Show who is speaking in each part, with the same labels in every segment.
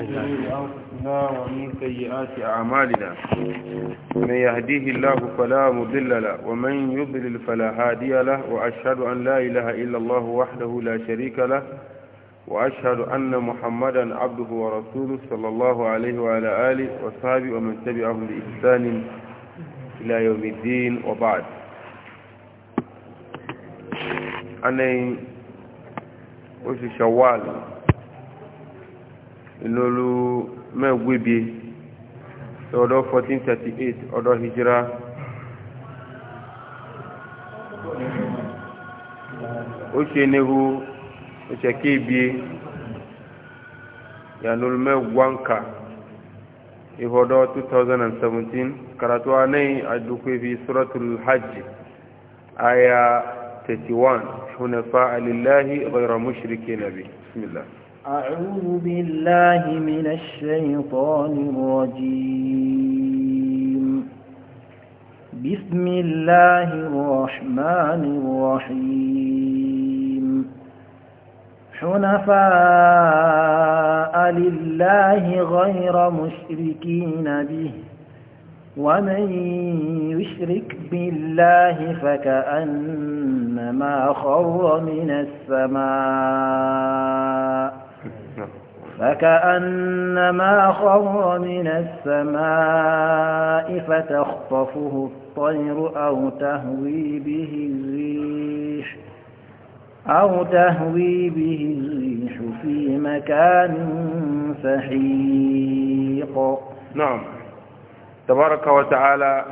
Speaker 1: أنفسنا
Speaker 2: ومن سيئات أعمالنا من يهديه الله فلا مضل له ومن يضلل فلا هادي له وأشهد أن لا إله إلا الله وحده لا شريك له وأشهد أن محمدا عبده ورسوله صلى الله عليه وعلى آله وصحبه ومن تبعهم بإحسان إلى يوم الدين وبعد أنا وفي شوال ìlọ́lú mẹ́gbẹ́bí ọdọ́ 1438 ọdọ́ hijira ó ṣe níhu ìṣẹ̀kí ibi ìyànlọ́lú mẹ́gbọ́nkà ìhọ́dọ́ 2017 karatu anai a dukwefi suratul hajj aya 31 hunafa alillahi ghayra mushrikeena nabi. bismillah
Speaker 1: أعوذ بالله من الشيطان الرجيم بسم الله الرحمن الرحيم حنفاء لله غير مشركين به ومن يشرك بالله فكأنما خر من السماء نعم. فكأنما خر من السماء فتخطفه الطير أو تهوي به الريح أو تهوي به الريح في مكان سحيق
Speaker 2: نعم تبارك وتعالى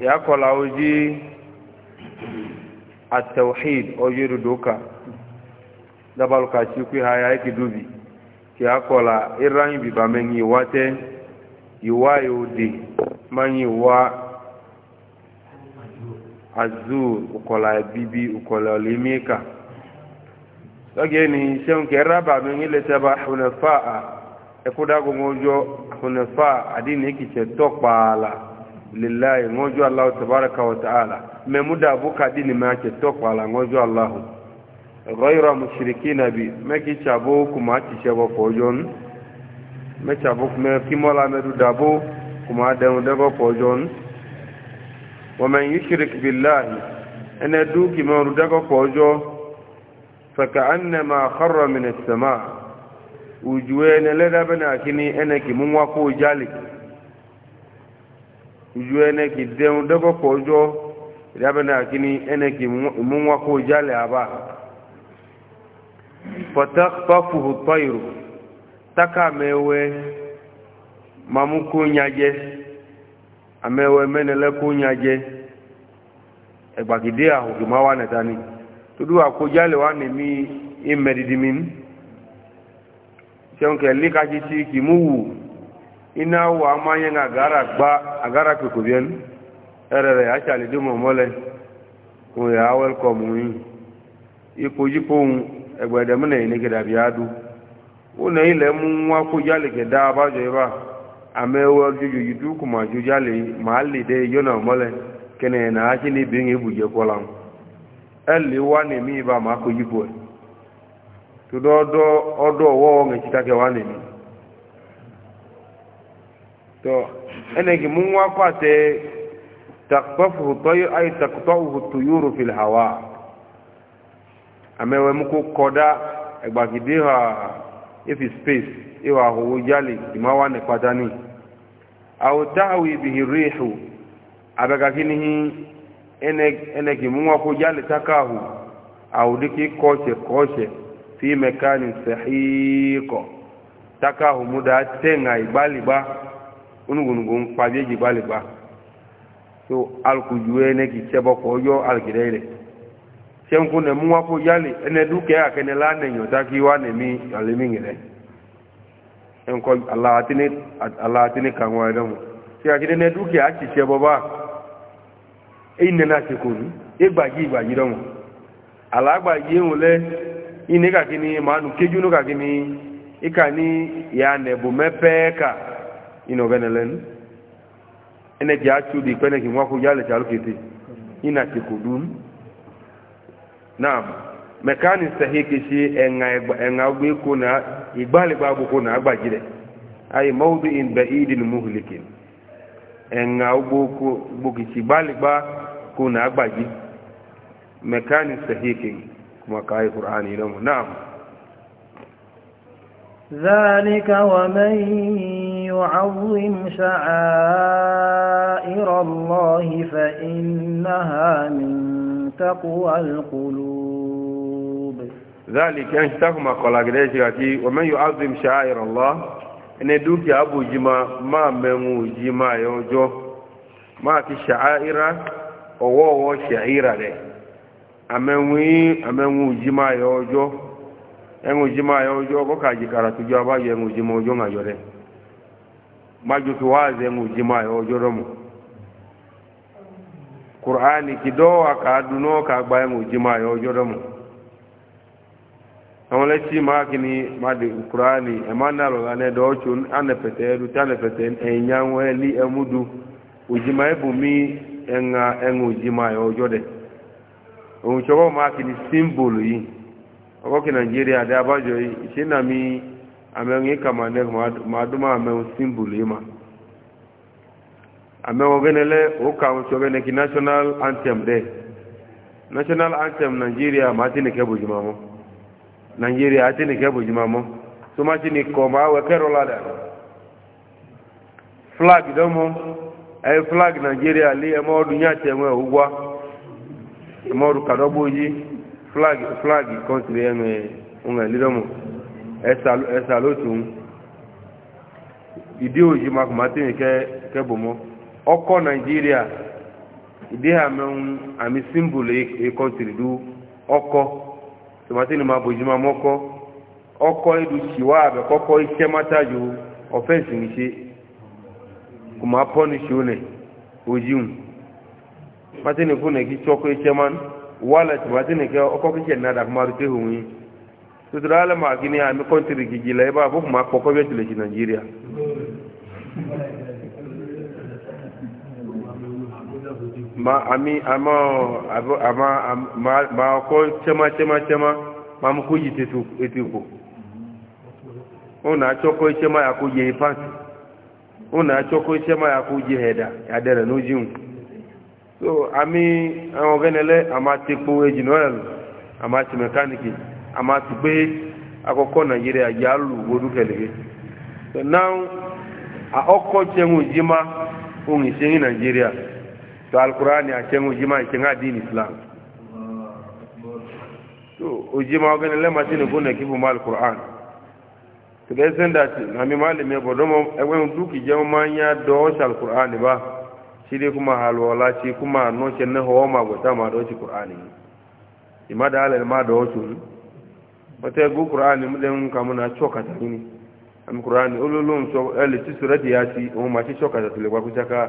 Speaker 2: يقول عوجي التوحيد أوجي ردوكا dabal ka ci ku haya ki dubi ki akola iran bi ba wate iwa yodi e man wa azur ukola e bibi ukola e limika lọ́gẹ́ ni ṣeun kẹrẹ bá mi ní lẹ́tẹ́ bá hunefa a ẹkúdá gbogbo ọjọ́ hunefa àdínì kìtẹ̀ ngojo lèláì ngọ́jọ́ aláwọ̀ taala, wọ̀tàálà mẹ́múdà búkà dínì máa kẹ̀ tọ́pàálà ngojo aláwọ̀ غير مشركين بي مكي شابو كما تشابو فوجون مكي شابو كما كمولا مدو دابو كما دابو دابو فوجون ومن يشرك بالله أنا دوك من دابو فوجو فكأنما خر من السماء وجوين لدى بناكني أنا كمون وقو جالك وجوين كي دابو فوجو لدى بناكني أنا كمون وقو جالي أبا fatakhtafuhu tayru takamewe mamukunyaje amewe menele kunyaje egbagide ahụ gị mawa netani tudu akojale wa nemi imeridimin seun kele kaji ti kimuwu ina wa amanye na agara gba agara kokobien erere achale dumo mole o ya welcome yin ipojipo ohun egbede m na dabi adu ụna ile mụ nwa kwụjali gị daa abajọ ebe a amewe juju yiduku ma jujali ma alide yona mole kene na achi na ibi ihe buje kwala m eli wa na eme ma akụ hawa amewe mko koda egbagide ha ifi space iwa howo jali imawa ne patani aw ta'wi bihi rihu abaga kinihi ene ene kimwa ko jali takahu aw diki koche koche fi mekani sahiqo takahu muda tenga ibaliba unugunugu npajeji baliba so alkujuwe ne kichebo koyo alkireire sẹ́nkú nẹ̀ mú wákó yálè ẹnẹ dúkẹ́ àkẹnẹ lánàyàn dákí wá nẹ̀mí àlẹ́mí rẹ̀ ẹnkọ́ aláàtíní kàwọn ẹ̀dọ́mù tí a kìdẹ́ nẹ dúkẹ́ àṣìṣẹ́ bọ́bá ìnẹ̀nà àṣìkò ní dọ́mù iné màánù kéjú ní ìkà ní ìyá nẹ̀bù mẹ́pẹ́ẹ́kà naam mekani stahiki si enga enga kuna igbali babu kuna agbajire ay mawdi'in ba'idin muhlikin enga ubuku bukichi bali ba kuna agbaji mekani stahiki kuma kai qur'ani lamu naam
Speaker 1: ذلك ومن يعظم شعائر الله فإنها من تقوى القلوب
Speaker 2: ذلك أن تكما قال قديش ومن يعظم شعائر الله إن دوك أبو جما ما ممو جما يوجو ما ma شعائر أو شعيرة لي أمنوي أمنو جما يوجو ẹ̀wọ̀n òjìmọ̀ ayọ́ ojú ọkọ́ kàjí kàrà tó abáyọ ẹ̀wọ̀n ojú ojú qur'ani kidoa ka duno ka gbaye mu jima yo àwọn le ti ma kini ma de qur'ani e ma na lo ane do chun ane pete du tane pete en yanwe li emudu ujima mi enga engu jima yo jode ohun chogo ma kini symbol de abajo yi shinami amengi kama ne ma duma amen ma amewogenele ukawo shogene ki national anthem de national anthem nigeria ma tini ke bujumamo nigeria atini ke bujumamo suma tini koma la kerolada flag domo ay flag nigeria li emo dunya temo ugwa emo ru kadobuji flag flag country eme unga lidomo esalu esalotun idi oji ma kuma tini ke ke mo. ọkọ nàìjíríà ìdíhàmẹ́hun àmì símbòlù ikọ̀ tìrìdú ọkọ tòmátì ni máa bòjú máa mọ́kọ́ ọkọ ìlú ṣìwá àbẹ̀kọ́kọ́ iṣẹ́ mátàjò ọ̀fẹ́ǹsì ní ṣe kò máa pọ́ ní ṣe olè ojíun tòmátì ni fún ẹ̀kí tsọ́kọ́ iṣẹ́ máa ń wàhálà ni kẹ́ ní máa alẹ́ màá kí ni àmì kọ́ńtìrì gidi bá a kò máa kọ́ bí ma ami ama ama ma ma ko chema chema chema ma mu ko yite tu etiko ona choko chema ya ko ye pass ona choko chema ya ko ye heda ya dere no jiun so ami awon genele ama tipo ejinol ama ti mechanic ama ti pe akoko nigeria ya lu wodu kelege so now a oko chemu jima ohun ise ni nigeria to alkurani acen ujima acen adin islam to ujima ogene lema tini gune kibu ma alquran to de senda ti nami mali me bodomo ewe duki jemo manya do sal qur'ani ba shide kuma halwala shi kuma no chen ne ho ma gota ma do shi qur'ani imada ala ma do chu bata gu qur'ani mu den kamu na choka ta ni am qur'ani ululun so ele ti surati yasi o ma ti choka ta le kwa kutaka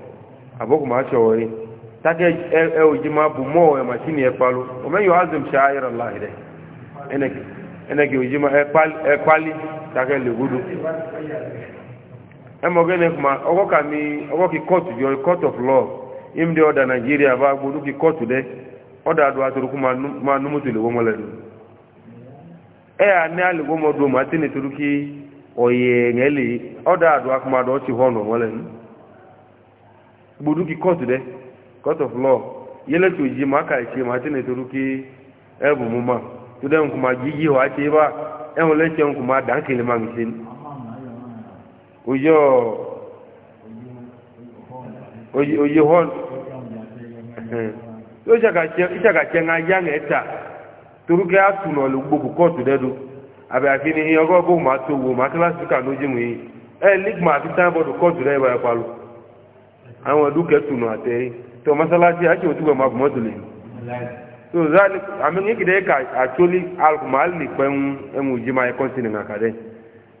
Speaker 2: abokuma achoore take e, e ojima bu moo e machine epalu omen yo azim shaira allah ire enek enek ojima epal epali e take le gudu emogene kuma ogo kami ogo ki court yo court of law im de oda nigeria ba gudu ki court de oda adwa turu kuma ma numutule wo mole e a ne ale gomo do ma tene turu ki oye ngeli oda adwa kuma do ti hono mole gboduki court dɛ court of law yɛlɛ tó ma ka ɛtsɛ ma tɛnɛ tó duki ɛbu mu e ma tó dɛ nkuma yiyi hɔ atsɛ ba ɛhun nkuma dan kele ma oye oyɔ oyi oyi hɔn yóò tsakatsɛ ŋa ya ŋa ɛta toruke atunɔ le gboku court dɛ do abe ka n'o dzi mu yi ɛ ligma afi tan àwọn dúkẹ́ tùnú àtẹ́ tó masalasi ake òtúgbà ma bùmọ́ tùlẹ̀ so zali àmì ìkìdẹ́ ka àtúlí alkùnmáàlì pẹ̀lú ẹmù jima ẹkọ́ sí nìkan kàdẹ́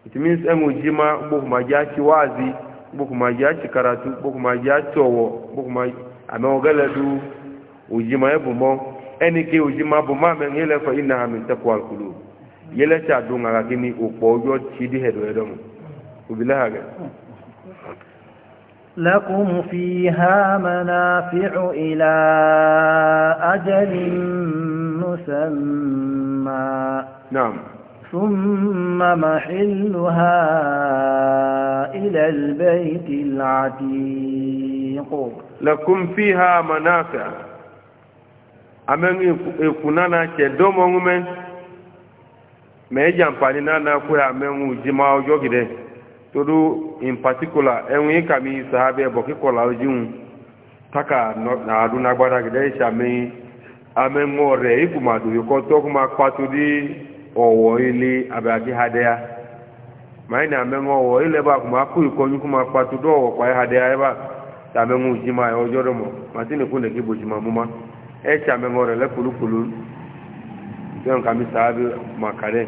Speaker 2: it means ẹmù jima gbókùnmá jẹ́ àti wáàzi gbókùnmá jẹ́ àti karatu gbókùnmá jẹ́ àti ọ̀wọ̀ gbókùnmá àmì ọ̀gẹ́lẹ̀ du òjima ẹ bùmọ́ ẹni ké òjima bùmọ́ àmì
Speaker 1: لكم فيها منافع إلى أجل مسمى نعم ثم محلها إلى
Speaker 2: البيت العتيق لكم فيها منافع أمن يكوننا كدوم ومن ما يجب أن نكون أمن جماع جوكي todo in particular enwe kami sahabe boki kola ojun taka na adu na gbada gide sami amengo re ikuma do yoko to kuma patu di owo ile abaki hadea mai na amengo owo ile ba kuma ku iko yu kuma patu do owo pa hadea ba ta mengu jima ojo do mo matini kune kibo jima muma e cha mengo le kulukulu yon kami sahabe makare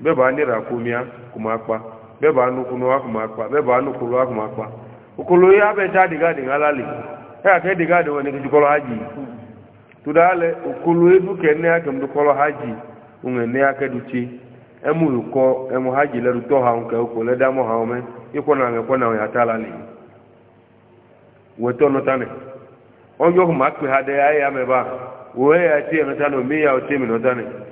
Speaker 2: beba nira kumia kumakpa beba nukunu wa kumakpa beba nukulu wa kumakpa ukulu ya be jadi gadi ngalali ya ke di gadi woni kijukolo haji tudale ukulu edu kenne ya kemdu kolo haji ungene ya ke duchi emu yuko emu haji le ruto ha unke uko le damo ha ome iko na ngeko na ya talali weto notane ojo kumakpe hade ya ya meba wo ya ti notane mi ya o ti mi notane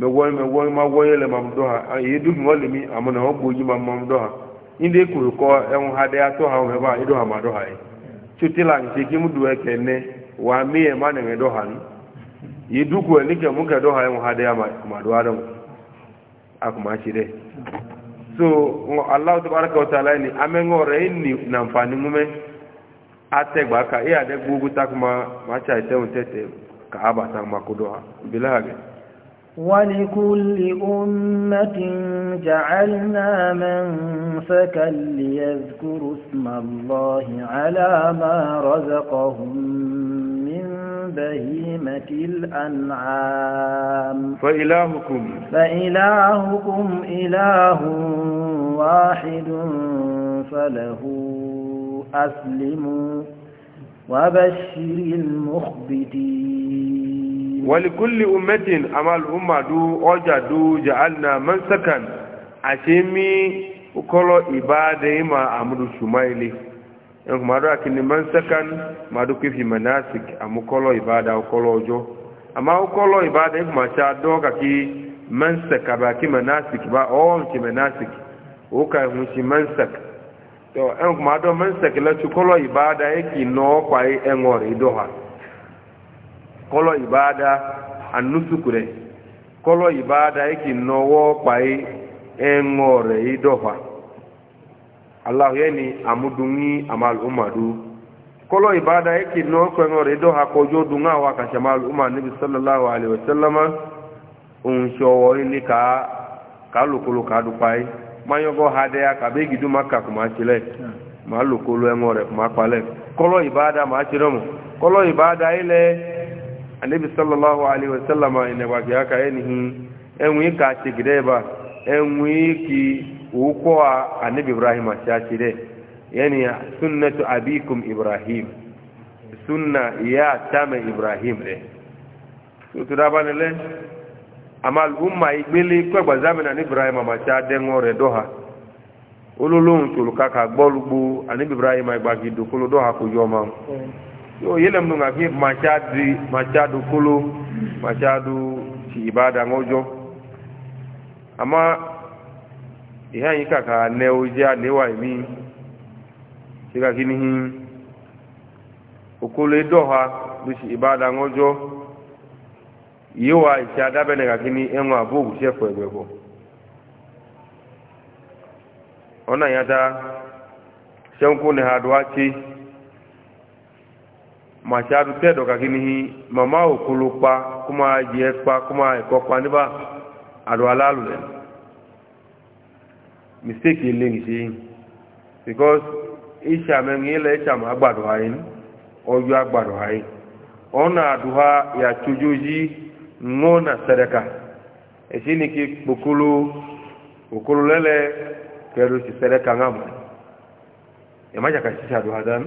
Speaker 2: mɛwɔyi mɛwɔyi ma wɔyi le mam dɔ ha eye du ŋɔ limi amuna wɔ gbodzi ma mam dɔ ha inde kuru kɔ ɛŋu e ha ɖe atɔ ha wɔ e. mɛ ba eɖo ha ma dɔ ha yi tsote la ŋutsi kim du ɛkɛ e nɛ wa mi yɛ ma nɛŋɛ dɔ ha nu ye du ko ɛni kɛ mu kɛ dɔ ha ɛŋu ha ɖe ma do aɖe mu akuma tsi ɖe so ŋɔ alaw tó baara kɛ o ta la yi ni ame ŋɔ rɛ eni nanfani atɛ gba ka eya ɖe gbogbo takuma ma tsa ɛtɛ ŋu tɛtɛ ka aba takuma ko dɔ ha
Speaker 1: ولكل أمة جعلنا منسكا ليذكروا اسم الله على ما رزقهم من بهيمة الأنعام فإلهكم فإلهكم إله واحد فله أسلموا وبشر المخبتين
Speaker 2: walikulli ummatin amal umma du oja du ja'alna mansakan ashimi ukolo ibada ima madu kifi manasik amukolo ibada ukolo ojo ama ukolo ibada kuma do kaki ki manasik ba on ki manasik uka mansak to mansak la ibada eki no kwa kɔlɔ ibada anusukure kɔlɔ ibada eki nɔwɔ kpai ɛŋɔrɛ yi dɔfa alahu yɛni amudunyi amalu umadu kɔlɔ ibada eki nɔ kpɛŋɔrɛ yi dɔfa kɔjɔ dunga wa kasama uma nebi sallallahu alayhi wa sallama nsɔwɔ yi ni ka ka lokolo ka do kpai mayɔgɔ hadɛya kabe gidu ma ka kuma tsi lɛ ma lokolo ɛŋɔrɛ kuma kpa lɛ kɔlɔ ibada ma tsi dɔ mo kɔlɔ ibada yi lɛ. anabi sallallahu alaihi wasallam inagwa ki aka enihi enwe ka chigide ba enwe ki uko anabi ibrahim ashashire yani sunnatu abikum ibrahim sunna ya tame ibrahim le so to dabane le amal umma igbele ko gbazamina ni ibrahim ma cha dengo re doha ololun tulukaka gbolugbo anabi ibrahim igbagi dokolo doha ko yoma yo yele mnu ngaki machadi machadu kulu machadu ti ibada ngojo ama iha yi kaka ne oje anewa imi ti kaki ni hin okole doha lu ti ibada ngojo yiwa isi adabene kaki ni enwa abogu sefu egbebo ona yata senkune haduwa ti màṣáàdù tẹ́ẹ̀dọ̀ kàkíní màmá òkúlù pa kó máa jẹ pa kó máa ẹ̀kọ́ pa níbà àdó aláàlú rẹ̀ mistake ilé nìṣe because ìṣàmẹ́rin ilẹ̀ ìṣàmọ́ àgbàdo ayé ọjọ́ àgbàdo ayé ya àdúrà ìyàtújú yìí ŋọ́nà sẹ̀dẹ̀kà èsì ni kí kpokolo òkúlù lẹ́lẹ̀ kẹrù sí sẹ̀dẹ̀kà ńà mọ́ ẹ̀ má jàkà ṣiṣẹ́ àdúrà dáná.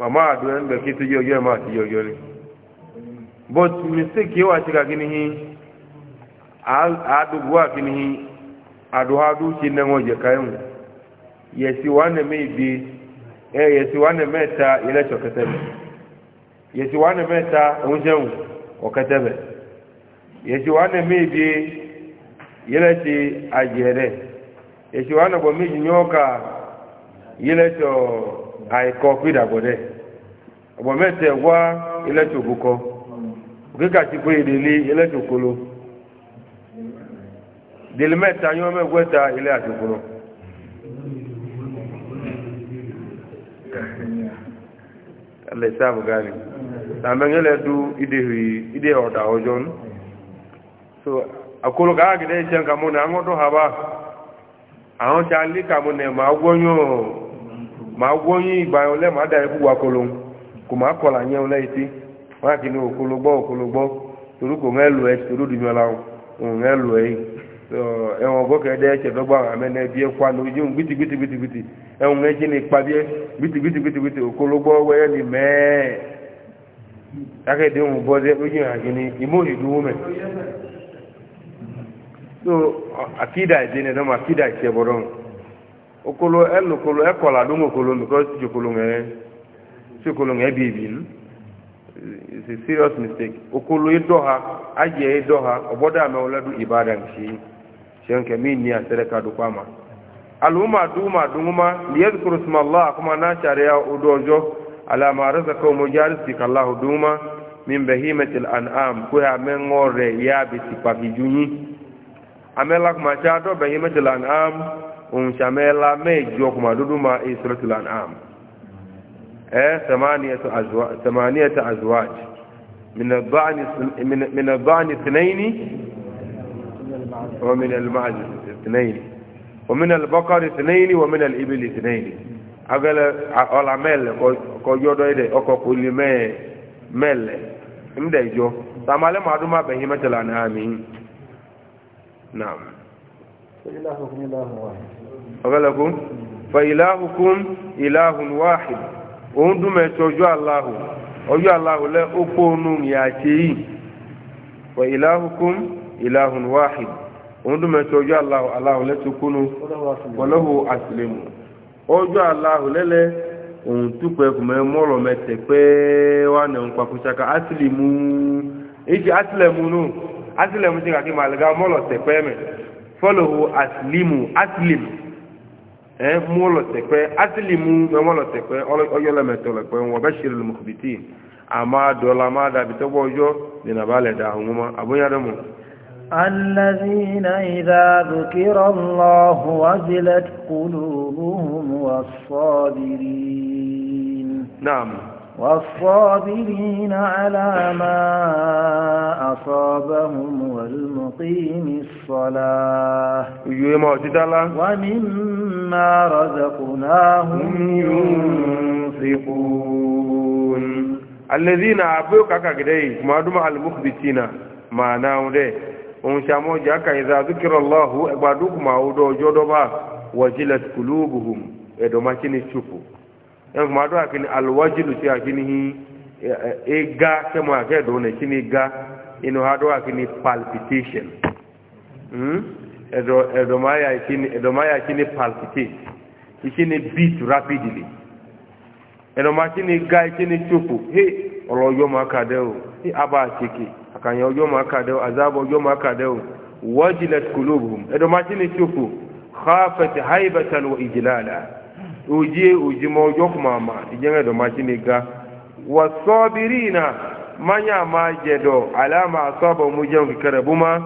Speaker 2: màmá àdúrà ń bẹ̀ kí tó yẹ ọjọ́ máa ti yẹ ni but mistake yẹ wà ti ka kini hin àádùgbò wà kini hin àdùhádù ti nẹ́wọ̀n jẹ̀ káyọ̀ yẹ̀sì wà nẹ̀mẹ́ ìbí ẹ̀ yẹ̀sì wà nẹ̀mẹ́ ta ilẹ̀ṣọ̀ kẹtẹ́bẹ̀ yẹ̀sì wà nẹ̀mẹ́ ta oúnjẹun ọ̀kẹtẹ́bẹ̀ yẹ̀sì wà nẹ̀mẹ́ ìbí ilẹ̀ṣì àjẹ̀rẹ̀ yẹ̀sì wà nẹ̀bọ̀ méjì yọ̀ọ́ka ilẹ̀ṣọ̀ àìkọ fídàgbọ̀dẹ̀ ọ̀pọ̀ mẹ́tẹ̀ wá ilẹ́tòkókọ òkèkà ti pé ìdèlé ilẹ́tòkóló ìdèlé mẹ́ta mẹ́gbẹ́ta ilé àtòkóló alẹ́ sáàbù gáàlì tàmẹ́gẹ́lẹ́ du ìdè ọ̀dà ọjọ́ nù so akolo kaa gidẹ́ ìṣẹ́ nǹkan àwọn tó àwọn tí a ma gwọ onye igba ole ma ada ekwu wakolo kò má kọlà yẹn ole iti wọn kì ní òkologbọ ni torí kò ń lu ẹ torí òdìmí ọlá òun ń lu ẹ yìí ẹwọn gòkè dẹ ẹsẹ dọgba amẹnẹ bíẹ kó àná ojú ń gbìtì gbìtì gbìtì gbìtì ẹwọn ẹjẹ ní ipa bíẹ gbìtì ni mẹẹ akéde ń bọ dẹ ojú so akida akida okolo ɛlu kolo ɛkɔla do ŋokolo mi k'ɔsi dzokolo ŋɛ dzokolo ŋɛ bi ebi nu it's a serious mistake okolo yɛ e dɔ ha adzɛ yɛ dɔ ha ɔbɔdɔ amewo lɛ do ibadan si tiɛn kɛ mi ni asɛrɛ ka do kpama alu ma do ma do ŋuma liɛ kuro suma lɔ akoma na sariya o do ɔjɔ alama arɛsɛ kɔ mo dza arisi kala o do ŋuma min bɛ himetil an am ko ya mɛ ŋɔ rɛ ya bi ti paki junyi amɛ lakuma tsa dɔ bɛ himetil an am. unshamela mejo kuma duduma suratul an'am eh thamaniyatu azwaj thamaniyatu azwaj min al-ba'n min al-ba'n ithnayn wa min al-ma'z ithnayn wa min al-baqar ithnayn wa min al-ibil ithnayn agala ala ko yodo ide oko kulime mel imde jo tamale maduma behima tala na amin na'am Bismillahirrahmanirrahim ọ̀gọ́lẹ́kùn fàìláhùkún ìláhùn wáhì òun dúnmẹ̀tọ́ ọjọ́ aláhù ọjọ́ aláhù lẹ́ ó pòónú ìyàṣẹ́ yìí fàìláhùkún ìláhùn wáhì òun dúnmẹ̀tọ́ ọjọ́ aláhù aláhù lẹ́ tó kúnú pọ̀lọ́hù àtìlẹ́mù ọjọ́ aláhù lẹ́lẹ́ òun túpẹ́ kùmẹ́ mọ́rọ̀ mẹ́tẹ̀ pẹ́ wà ní òun pàkúṣaka àtìlẹ́mù ìṣe àtìlẹ́mù nù àtìlẹ́mù ti kàkí màlẹ́gà mọ́rọ̀ tẹ̀ pẹ́ mẹ́ fọ́lọ́hù àtìlẹ́mù àtìlẹ́mù ɛɛ mu lɔtɛkpɛ asili mu mɛ mu lɔtɛkpɛ ɔyɔ lɛ mɛtɔ lɛkpɛ wɔ bɛ siri lɛ mɔkubiti ama dɔ la ama da bi tɔgbɔ ɔjɔ dina ba lɛ da ahun ma abonya dɛ mo.
Speaker 1: الذين إذا ذكر الله وجلت قلوبهم والصابرين نعم والصابرين على ما أصابهم والمقيم الصلاة
Speaker 2: ومما مما رزقناهم ينفقون الذين عبوك أكاكدي ما دمع المخبتين ما ناودي ونشامو جاكا إذا ذكر الله أبادوك ما أودو جودوبا وجلت قلوبهم إدوما كيني شوفو يعني ما دوا كيني الوجل تيا كيني إيغا كما كيدو نشيني إيغا إنو هادوا كيني palpitation 嗯。Mm? edomaya ikini edomaya ikini palpitate ikini beat rapidly edoma ikini ga ikini chopo he ọlọ ọjọ ma ka dẹ o he aba àtìkè àkànyẹ ọjọ ma ka dẹ o azabọ ọjọ ma ka dẹ o wajilat kulubuhum edoma ikini chopo khafat haibatan wa ijlala oje oje ma ọjọ kuma ma ìjẹun edoma ikini ga wasọbirina manya ma jẹdọ alama asọbọ mu jẹun buma.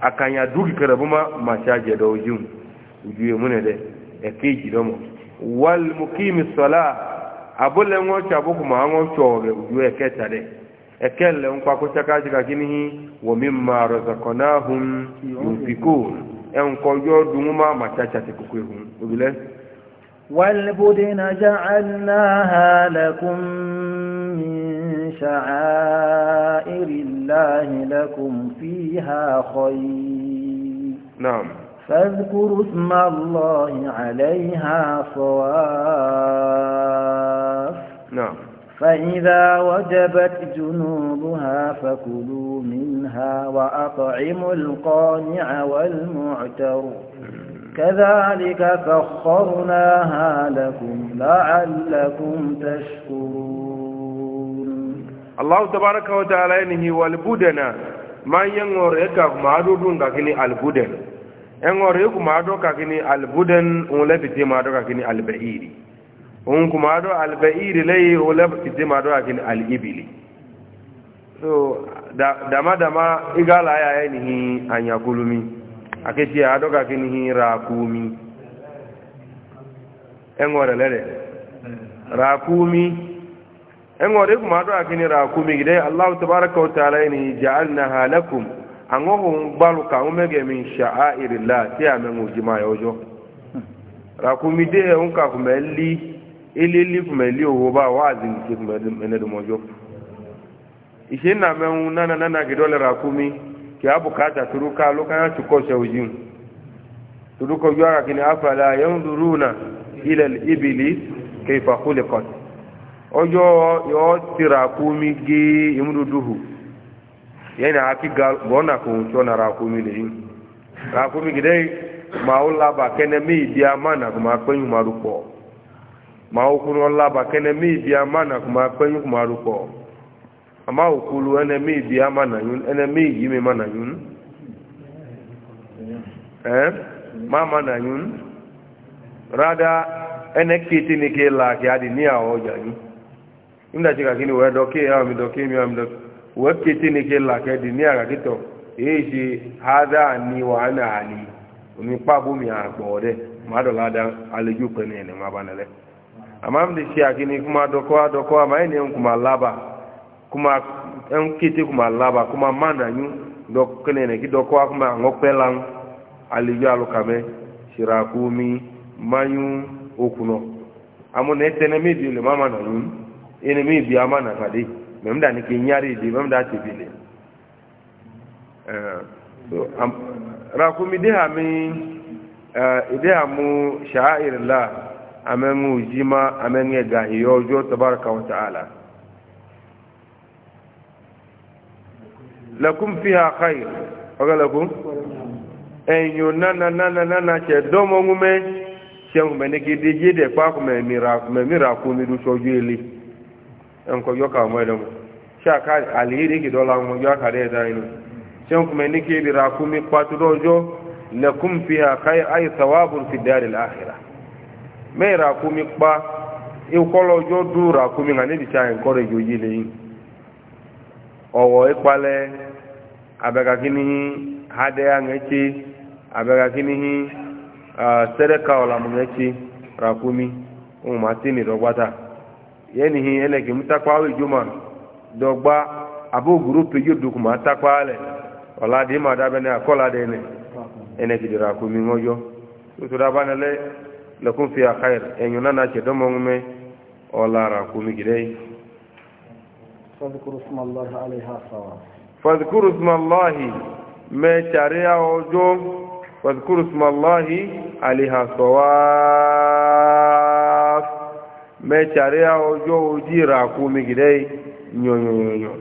Speaker 2: akanya dugi kada buma ma shaje da wujin ujuye mune da e keji domo wal muqimi sala abule ngo chabo kuma ngo choge ujuye keta de ekelle nkwa ko chakaji ka kinihi wa mimma razaqnahum yunfikun en ko yoduma ma chacha te kukwehun ubile
Speaker 1: والبدن جعلناها لكم من شعائر الله الله لكم فيها خير نعم فاذكروا اسم الله عليها صواف نعم فإذا وجبت جنوبها فكلوا منها وأطعموا القانع والمعتر كذلك فخرناها لكم لعلكم تشكرون
Speaker 2: allahu tabaraka wa ta'ala yanihi wal budana man yangor eka ma do dun ga kini al budan engor eku ma do ka kini al budan un le biti ma do ka kini al ba'iri un kuma do al ba'iri lay un le biti ma do ka kini al ibili so da dama dama igala ya yanihi anyakulumi akechi ado ka kini rakumi engor lele rakumi engo de kuma do akini ra ku mi gide allah tabaaraka wa ta'ala ni ja'alnaha lakum ango ho balu ka umege min sha'airillah ti amen ujima yojo ra ku mi de on ka ku meli li ku meli owo ba wa azin ti ku meli do mojo ise na me un nana nana gidole ra ku mi ki abukata turuka lokana tukose ujin turuko yara kini afala yanzuruna ila al-ibli kayfa khuliqat ọjọ́ yọ tìrà kúmi gé ìmúdúdúhù yẹn àti gọ́nà kò ń tọ́ nara kúmi lè yín ra kúmi gidẹ́ màá ó lába kẹ́nẹ́ mí ìdí amánà kò máa pẹ́yìn máa rúpọ̀ màá ó kúrò lába kẹ́nẹ́ mí ìdí amánà kò máa pẹ́yìn kò máa àmà òkúlu ẹnẹ́ mí ìdí amánà yún ẹnẹ́ mí ìyí mi mánà yún ẹ́ má mánà yún rádá ẹnẹ́ kéte ni ké la kí adì ní àwọn ọjà yún nígbà tí kàkí ni wọ́n dọ́kẹ́ àwọn mi dọ́kẹ́ mi àwọn mi dọ́kẹ́ wọ́n kété ní ké làkẹ́ di ní àràkítọ̀ èyí ṣe hádà ní wàhánà àní omi pàbó mi àgbọ̀ ọ̀dẹ́ má dọ̀ ládà àlejò pẹ̀lú ẹ̀ ní má bá nílẹ̀ àmọ́ mi ṣe àkíní kúmá dọ́kọ́ àdọ́kọ́ àmọ́ ẹ̀ ní ẹ̀ ń lába kúmá ẹ̀ ń kété kúmá lába kúmá má nàyú dɔkɛnɛ ne amu ne le mama na ene mi bi ama na kade mem da ni ke nyari di mem da ti bile eh so am ra ku mi de ha mi eh ide amu sha'airillah amenu jima amenge ga hiyo jo tabaraka wa ta'ala lakum fiha khair oga lakum enyo eh, na na na na na na che domo ngume che ngume ne gidi gidi pa ku me mira me mira ku mi du soju ile e ẹnkọ yọka ọmọ ẹdọ mu ṣe àká àlèyé kì dọ́là wọn yọ àkàdé ẹ̀dá inú ṣe ń kùmẹ̀ ní kéde ra kú mi pàtó dọ́jọ́ lẹ́kùn fi àká ayé sàwábùn fi dáre láàhìrà mẹ́ ra kú mi pa ìkọlọ́jọ́ dú ra kú mi hàn níbi tí a ẹ̀kọ́ rẹ̀ yóò yé lẹ́yìn ọ̀wọ̀ ìpalẹ̀ abẹ́kakíní hadẹ́ àǹẹ́tì abẹ́kakíní sẹ́dẹ́kà ọ̀làmùnẹ́tì ra kú mi ohun màá tẹ́ yẹni hin ẹlẹgì mú takpa awo ìjọba dọgba abó gurupu yóò dùkú mà takpa alẹ ọ̀ladì má dábẹ́ ní akọ́ladì ẹnẹ ẹnẹ kìdìrà kò mí ńwọ́jọ́ tuntun dábàá ní ẹlẹ lẹkùn fi àkàyè ẹ̀yìn náà nàá tsẹ̀dọ́ mọ́ ńmẹ́ ọ̀làrà kò mí gidẹ́ yìí. fadukuru sumalahi mẹ tsariya ọjọ́ fadukuru sumalahi alihasawa. mẹ́tàrí ọjọ́ ojú ìràkú mi nyonyonyo. yọ̀nyọ̀nyọ̀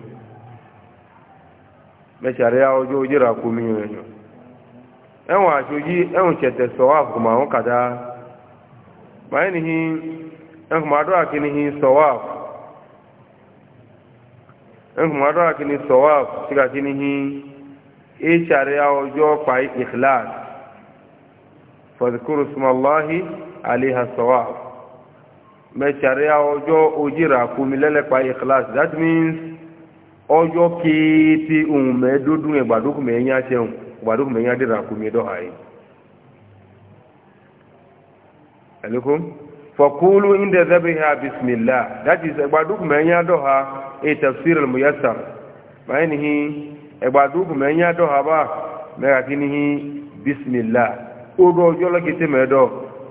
Speaker 2: mẹ́tàrí ọjọ́ ojú ìràkú mi yọ̀nyọ̀nyọ̀ ẹwọ̀n àṣojí ẹwọ̀n ṣẹ̀tẹ̀ sọ̀wọ́ àfùkùnmọ̀ àwọn kàdá báyìí nìyí ẹnkùnmọ̀dọ́ àkínihì sọ̀wọ́ ẹnkùnmọ̀dọ́ àkínihì sọ̀wọ́ síkàkínihì ìṣàrí mẹsàríà ọjọ́ ojìrà kùmí lẹ́lẹ́pa ìkìláàsì that means ọjọ́ kéèté ohun mẹ́ẹ̀ẹ́dọ́dún ìgbàdókùnmẹ́ ẹ̀yìn àṣẹun ìgbàdókùnmẹ́ ẹ̀yìn that is báyìí nìyí ìgbàdókùnmẹ́ ẹ̀yìn bá mẹ́ra kí nìyí bisimilá ó ọjọ́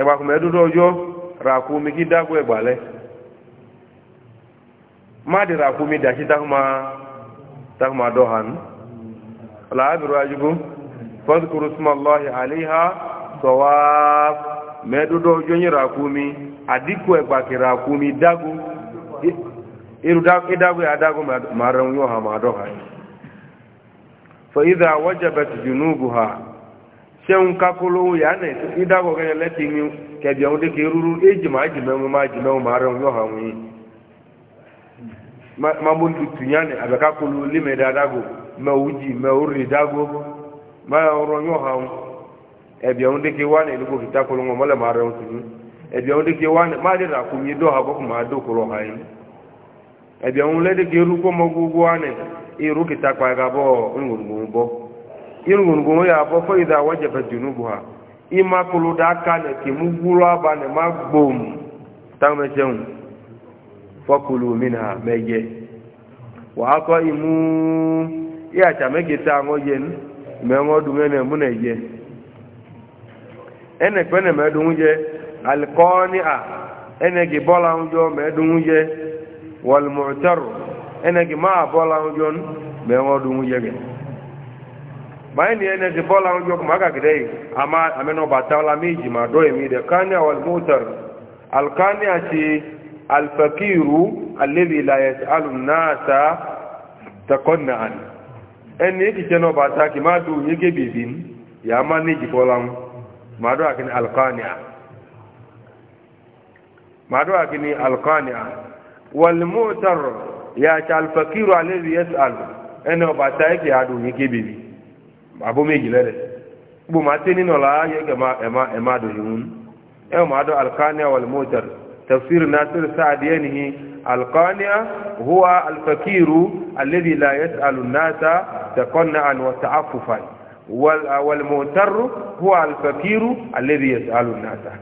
Speaker 2: ẹgbà kùmẹ̀ ẹdúdú ọjọ́ ràkúmi kí dágbó ẹgbà lẹ má di ràkúmi dàkí tákùmá dọ̀hánú làábìrò ajúgbó fọ́sùkúrú súnmọ́ lọ́hì àléhà sọ̀wá mẹ́ẹ̀dúdú ọjọ́ yín ràkúmi àdínkù ẹgbà kì ràkúmi dágbó ìdágbó àdágbó màá rẹ̀ ń yọ̀ hàn má dọ̀hánú fọ́ ìdá wọ́jà bẹ̀tù jùnú bùhá sẹ́hun kakolo yà nẹ̀ ìdáwọ̀ gẹ́gẹ́ lẹ́tì ní kẹ̀bí àwọn dékè rúrú éjìmá jìmẹ́hun ma jìmẹ́hun máa rẹ̀ yọ̀ àwọn yìí máa mú tutù yà nẹ̀ àbẹ̀kakolo límẹ̀dá dágò mẹ́wù jì mẹ́wù rì dágò máa rọ̀ yọ̀ àwọn ẹ̀bí àwọn dékè wà kolo gbogbo irungun ya bɔ fɔ yida wajɛ fɛ dunu ha ima kolo da ka ne kemu wuro aba ne ma gbom fɔ kolo mina mɛ yɛ wa akɔ imu iya tsamɛ kita ŋɔ yɛ nu mɛ ŋɔ dumɛ ne mu ne yɛ ɛnɛ kpɛ ne mɛ yɛ a ɛnɛ bɔla mɛ yɛ ɛnɛ ma bɔla ŋudɔ mɛ ŋɔ yɛ gɛ. maa ni ɛnɛ ti bɔl anw jɔkuma aka gɛrɛ yi ama amɛnɛ ba ta la mi kani awal mutar alkani ati alfakiru alebi la yɛ alu naasa takɔna ani ɛni eki tiɛ nɔ ba ta k'i ma du yi ke ya ma ne ji bɔl anw akini alkani a maa akini alkani a wal mutar yaati alfakiru alebi yɛ alu ɛnɛ ba ya du yi ke abo méjì lẹ́rẹ̀ gbogbo máa tẹ́ nínú ọ̀la yẹ kẹ́ ẹ̀ máa dò ìhun ẹ̀ máa dọ̀ alkania wal motar tafsir nasir saadi ẹnihi alkania huwa alfakiru alẹ́bi la yẹs alunasa tẹkọ́nà àni wọ́n ta afufa wal motar huwa alfakiru alẹ́bi yẹs alunasa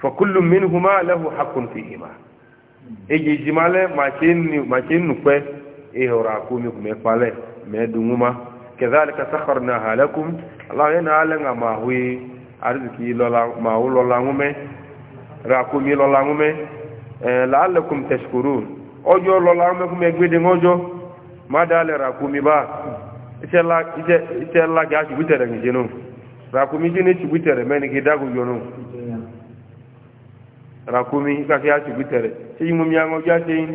Speaker 2: fakulu minhuma lahu hakun fihima eji jimale machin nukwe ihora kumi kumekpale. mẹ́ẹ̀dùnwúmá kẹzàlìkà sàkọrọ̀nà àlẹ́kùn aláwọ̀ yẹn náà lẹ́nà máa hu àrísìkì máa hu lọ́la ńwúmẹ́ ràkúmi lọ́la ńwúmẹ́ ẹ̀ làálẹ̀kùn tẹ̀síkòrò ọjọ́ lọ́la ńwúmẹ́ kúmẹ́ rakumi ba má dálẹ̀ ràkúmi bá iṣẹ́ lágẹ̀ rakumi tẹ̀rẹ̀ ń jẹun ràkúmi jẹ́ ní ṣìbí tẹ̀rẹ̀ mẹ́ni kí nụ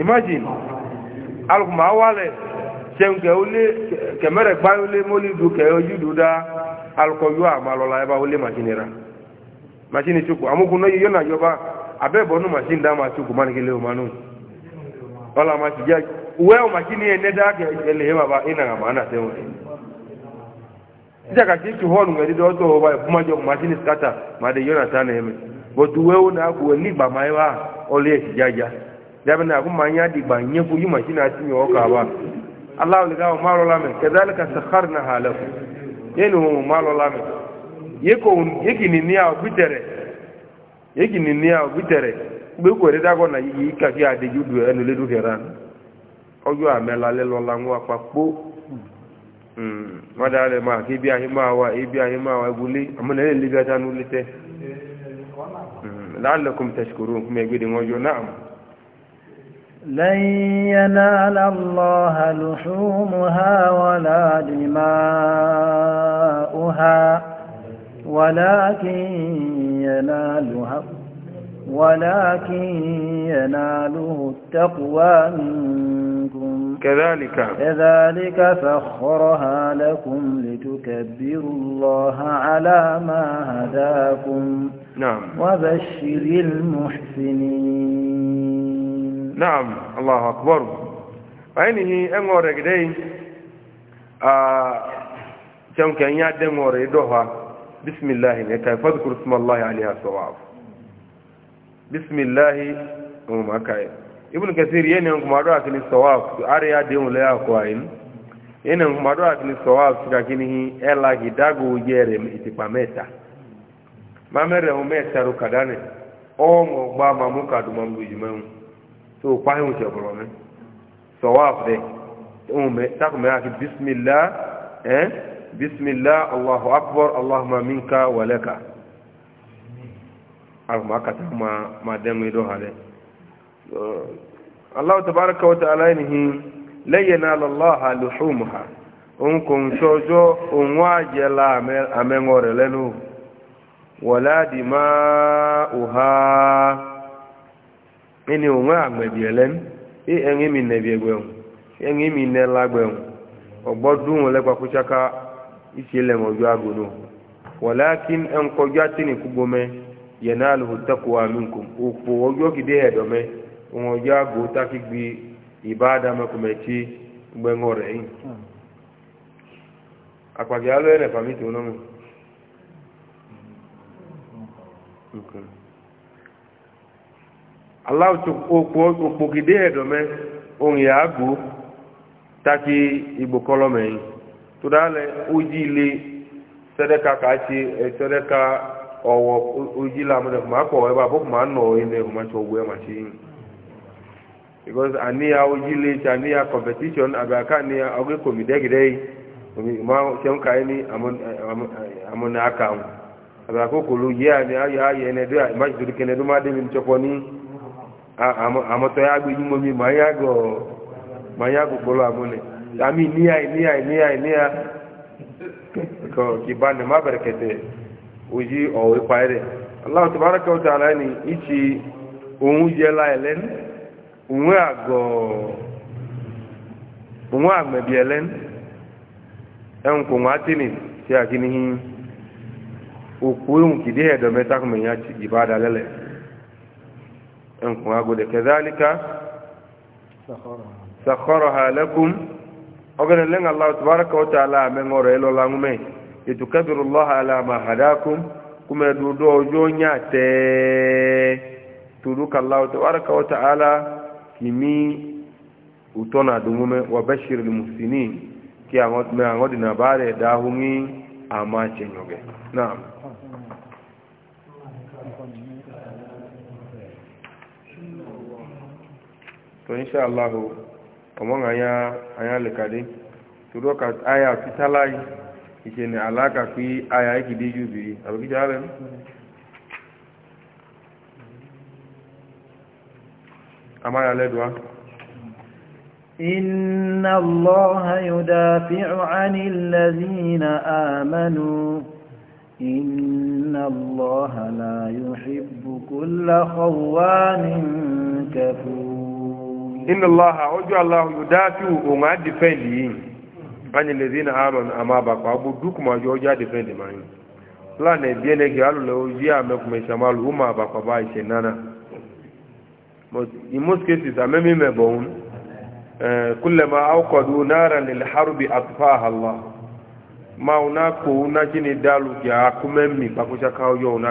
Speaker 2: imagine alùpùpù awalẹ̀ sẹ̀ǹkẹ̀ olé kẹmẹ́rẹ̀ gbá olé mọ́lídù kẹ́ ojúdù dá alùkọ̀ yóò àmàlọ́la ẹbá olé màṣínì rà màṣínì tukù amúkúnná yìí yọ́nà yọba abẹ́bọ̀nù màṣínì dá máa tukù mánìkélé òmánú ọlá màṣí jẹ́ wẹ́ọ̀ màṣínì ẹ̀ nẹ́dá kẹ́lẹ̀ yẹ́ bàbá iná àmà ánà sẹ́wọ̀n jẹ́ kàkí tù họ́ọ̀nù ẹ̀dí dọ́tọ̀ ọba ìfúnmájọ màṣínì skata màdé yọ́nà tánà ẹ̀mẹ́ bọ̀tù wẹ́ọ̀ náà kù ẹ̀ nígbà máa ẹ̀ wá ọlé jájá jabi na kuma ya di ba nye ku shi na cin yawa ka ba Allah wani gawa malo lame ka na halaku yeni hu malo lame yeko yeki ni niya bitere yeki ni niya bitere ko na yi ka ki ade judu enu le du heran ojo amela le lo la nwa papo mm wada le ma ki bi wa wa guli le tanu lite
Speaker 1: لن ينال الله لحومها ولا دماؤها ولكن ينالها ولكن يناله التقوى منكم
Speaker 2: كذلك
Speaker 1: كذلك فخرها لكم لتكبروا الله على ما هداكم نعم وبشر المحسنين
Speaker 2: na'am allahu akbar ainihi en ore gidai a can kan ya den ore doha bismillah ne kai fadkur smallahi alaiha sawab bismillah um akai ibn kathir yana kuma do akini sawab are ya den le akwain yana kuma do akini sawab suka kini ela gidago jere itipameta mamere umeta rukadane ongo gbama mukadumamu jimamu so kwahin wuce buronin sawaf dai takumai ake bismillah eh bismillah allahu akbar allahumma minka wa laka akuma ah, aka ta ma ma dan mai do hale allah tabaraka wa ta'ala inhi layyana allah luhumha on kun sojo on wajela amen ore lenu wala dima'uha ẹni òun àgbẹ̀bì ẹlẹ́m ẹ̀yìn mi nẹ̀bì ẹgbẹ̀hùn ẹ̀yìn mi nẹ́lá gbẹ̀hùn ọ̀gbọ́dún ọlẹ́pàkúṣáká ìṣẹ̀lẹ̀ ọjọ́ agolo wọ̀láàkín ẹ̀ ń kọjú àtìní kúgbó mẹ́ yẹ̀nà àlùhùtẹ́kù àmínkù òpó ọjọ́ aláwọ̀ tó kpó òkpòkìdé ẹ̀dọ̀ mẹ́ ohun yà á gbó taki ìgbò kọlọ́mẹ̀ yìí tó dáa lẹ ojú ilé sẹ́dẹ́ka kà á ṣe sẹ́dẹ́ka ọ̀wọ̀ ojú ilé amúnẹ̀ kùmà bá bó kùmà nọ̀ ẹ̀ ní kùmà tó gbé ẹ̀ mà ṣe yìí because àníyà ojú ilé tí àníyà competition àbí àká àníyà ọgbẹ́ kòmìdẹ́gìdẹ́ yìí kòmìdìmọ́ ṣe ń ka ẹ́ ní amúnẹ̀ àkàwọn àbí àkókò ló yẹ àníyà ayẹ ẹni ẹdọ́ àìmáṣe má dé mi ní àmọ́tọ́ yá gbé yúmọ́ mi máa yàgò pọ̀lọ́ àmúlẹ̀ àmì níyà níyà níyà níyà kọ̀ kì bá nẹ̀ má bẹ̀rẹ̀ kẹtẹ̀ òyí ọ̀wọ́ ipa rẹ̀ aláwọ̀ tó bá rẹ̀ kẹwọ́ tà ní ìṣe òun yẹ láì òun àgọ̀ ẹnkùn agode kẹzálíkà sàkọrọ̀ ha lẹ́kùn ọgbẹ̀rẹ̀ lẹ́n aláwọ̀ tàbárakà ọ̀tà aláàmẹ́ ọ̀rọ̀ ẹlọ́lá ńmẹ́ ètò kẹbìrù lọ́ha aláàmà àdákùn kúmẹ̀ dúdú ọjọ́ nyà tẹ́ẹ́ tòdúkà aláwọ̀ tàbárakà ọ̀tà alá kìmí utona dungume wa bashir al-muhsinin ki àwọn me àwọn dinabare dahungi amache nyoge naam so insha Allah omon anya anya lekade turo ka aya fitalai ije ne alaka fi aya iki di jubi abiki jare amara ledwa
Speaker 1: إن الله يدافع عن الذين آمنوا إن الله لا يحب كل خوان كفور
Speaker 2: inna allaha ojú aláhùn yóò dáàtú òun á dìfẹ́ǹdì yìí ányi lè dín àárọ̀ àmà àbàpà ọgbọ dúkùmọ̀ ọjọ́ ọjọ́ dìfẹ́ǹdì máa yìí lánà ẹ̀bí ẹnẹgì alùlọ ojú àmẹkùnmẹ̀ ìṣàmàlù ó máa àbàpà bá ìṣẹ̀ nánà in most cases àmẹ́mí mẹ́bọ̀ òun kúlẹ̀mà áwùkọ̀dù náírà nílẹ̀ harubi àtúfà àlá máa ń kó òun náà kíni dálù kí akúmẹ́mì pàkóṣáká ọjọ́ òun náà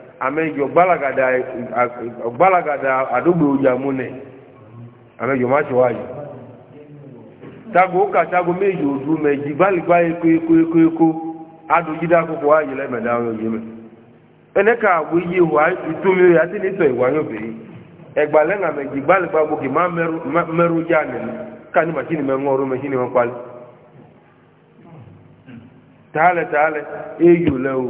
Speaker 2: amẹ́jọ gbálagàdà àdúgbò ìyàmú nẹ̀ amẹ́jọ má ṣe wáyé tago ka tago méjì òdú méjì gbálìgbá ekoekoeko adójídá kókò wáyé lẹ́mẹ̀dá oyè mẹ́ ẹnẹ́ka àwọ iye wà ìtúmi rẹ̀ àti nítọ̀ ìwáyọ̀ bèé ẹgbà lẹ́nà méjì gbálìgbá gbòkè má mẹ́rú já nìlú ká ní màṣínì mẹ́rún ọrún mẹ́ṣínì wọn pálí tààlẹ̀ tààlẹ̀ éyò lẹ́wọ̀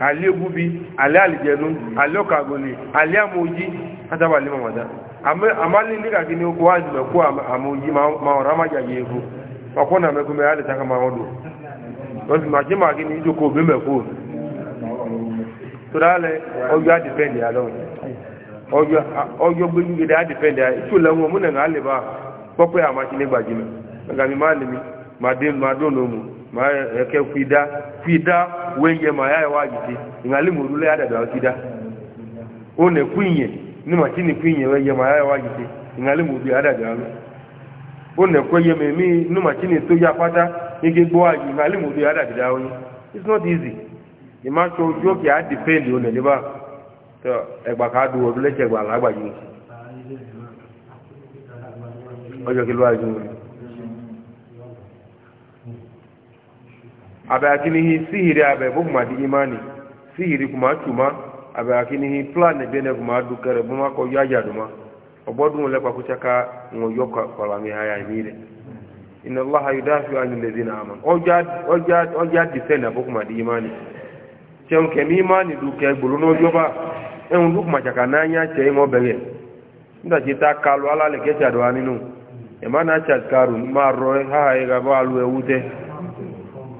Speaker 2: Ali alẹ́ Ali alẹ́ àlìjẹnu alẹ́ ọ̀kàgọ̀nì alẹ́ amójí látàbà alẹ́ mọ̀mọ́dá àmàlẹ́ nígbà kí ni ó kó wá jùlọ kó amójí máa ọ̀rọ̀ amájà yẹ epo ọkọ̀ náà mẹ́kún mẹ́rin alẹ́ sáká máa ọdún wọ́n sì máa ṣe máa kí ni ìjókòó bí mẹ́kó tọ́lálẹ̀ ọjọ́ àdìfẹ́ǹdì alọ́ ọjọ́ gbẹ́gbẹ́gbẹ́ àdìfẹ́ǹdì ìtúlẹ̀wọ̀n múnẹ̀ alẹ́ bá pọ́pẹ́ àmàṣínigbàjìmẹ̀ wenye mayaya wajiti ngali murule ada da kida one kwinye ni machini kwinye wenye mayaya wajiti ngali mubi ada da lu one kweye memi ni machini to ya pata igi gbo ngali mubi ada da oyin it's not easy ima so jo ki a depend on le ba to egba ka du odule che gba lagba yi ojo ki lo ajun abakinihi sihiri abe bu ma di imani sihiri kuma tuma abakinihi plan ne bene kuma du kare bu ma ko yaja duma obodu le kwa kuchaka ngo yoka kwa mi haya imire inna allah yudafi an alladhina amanu oja oja oja defend bu kuma di imani chem ke mi imani du ke gburu no yoba en du kuma chaka nanya che ngo bege nda jita kalu ala le ke chadwa ninu e mana chakaru ma ro ha e ga ba lu e wute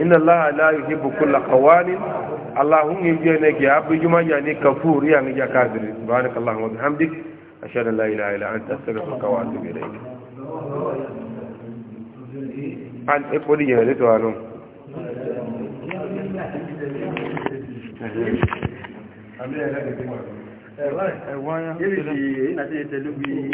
Speaker 2: inna allaha la yuhibbu kulla qawanin allahun yaje ne ke abu juma ya ne kafur ya ne ya kafir subhanakallahu wa bihamdik ashhadu an la ilaha illa anta astaghfiruka wa atubu ilayk
Speaker 1: an e podi ya
Speaker 2: to anu Amir, I like it. I like it. I want to.